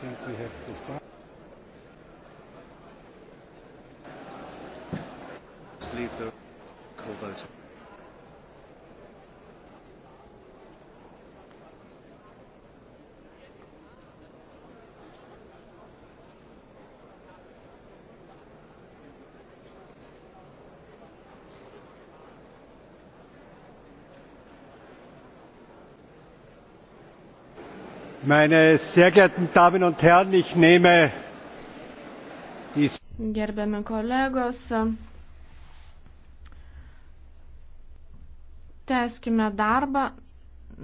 think we have to start. Leave the call voting. Meine sehr geehrten Damen und Herren, ich nehme die. Gerbiami kolegos, tęskime darbą.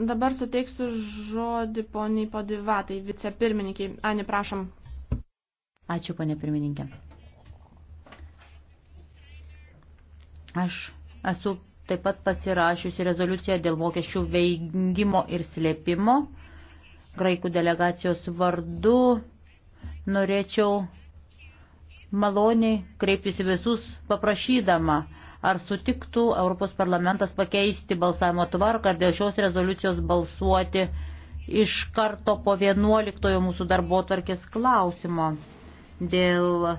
Dabar suteiksiu žodį poniai Podivatai, vicepirmininkiai. Ani, prašom. Ačiū, ponė pirmininkė. Aš esu taip pat pasirašiusi rezoliuciją dėl mokesčių veigimo ir slėpimo graikų delegacijos vardu norėčiau maloniai kreiptis į visus paprašydama, ar sutiktų Europos parlamentas pakeisti balsavimo tvarką ir dėl šios rezoliucijos balsuoti iš karto po 11 mūsų darbo tvarkės klausimo dėl e,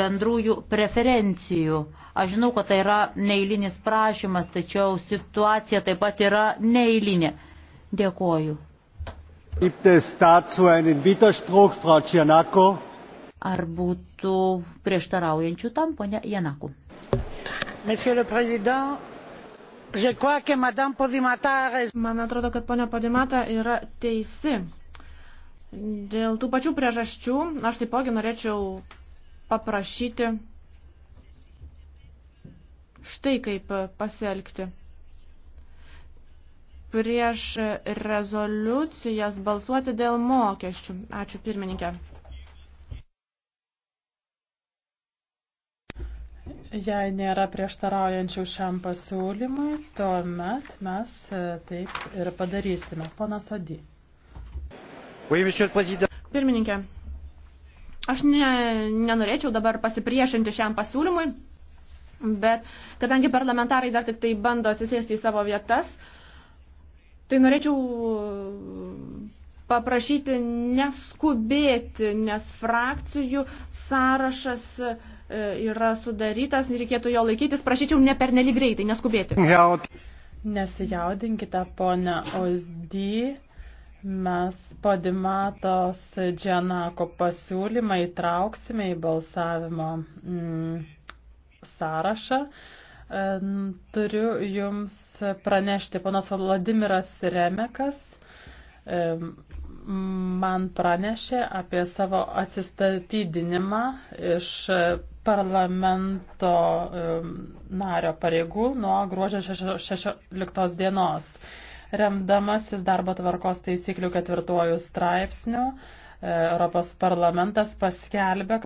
bendrųjų preferencijų. Aš žinau, kad tai yra neįlinis prašymas, tačiau situacija taip pat yra neįlinė. Dėkoju. Ar būtų prieštaraujančių tam, ponia Janaku? Man atrodo, kad ponia Podimata yra teisi. Dėl tų pačių priežasčių aš taipogi norėčiau paprašyti štai kaip pasielgti prieš rezoliucijas balsuoti dėl mokesčių. Ačiū pirmininkė. Jei nėra prieštaraujančių šiam pasiūlymui, tuomet mes e, taip ir padarysime. Pana Sadi. Pirmininkė, aš ne, nenorėčiau dabar pasipriešinti šiam pasiūlymui, bet kadangi parlamentarai dar tik tai bando atsisėsti į savo vietas, uh, Tai norėčiau paprašyti neskubėti, nes frakcijų sąrašas e, yra sudarytas, reikėtų jo laikytis. Prašyčiau ne pernelyg greitai, neskubėti. Nesijaudinkite, ponia Ozdy. Mes podimatos Džianako pasiūlymą įtrauksime į balsavimo mm, sąrašą. Turiu Jums pranešti, ponas Vladimiras Remekas man pranešė apie savo atsistatydinimą iš parlamento nario pareigų nuo gruožio 16 dienos. Remdamasis darbo tvarkos taisyklių ketvirtuoju straipsniu, e, Europos parlamentas paskelbė,